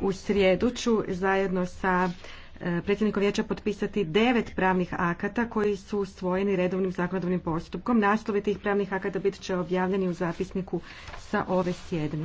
U srijedu ću zajedno sa e, predsjednikom vijeća potpisati devet pravnih akata koji su usvojeni redovnim zakonodavnim postupkom. Naslovi tih pravnih akata bit će objavljeni u zapisniku sa ove sjednice.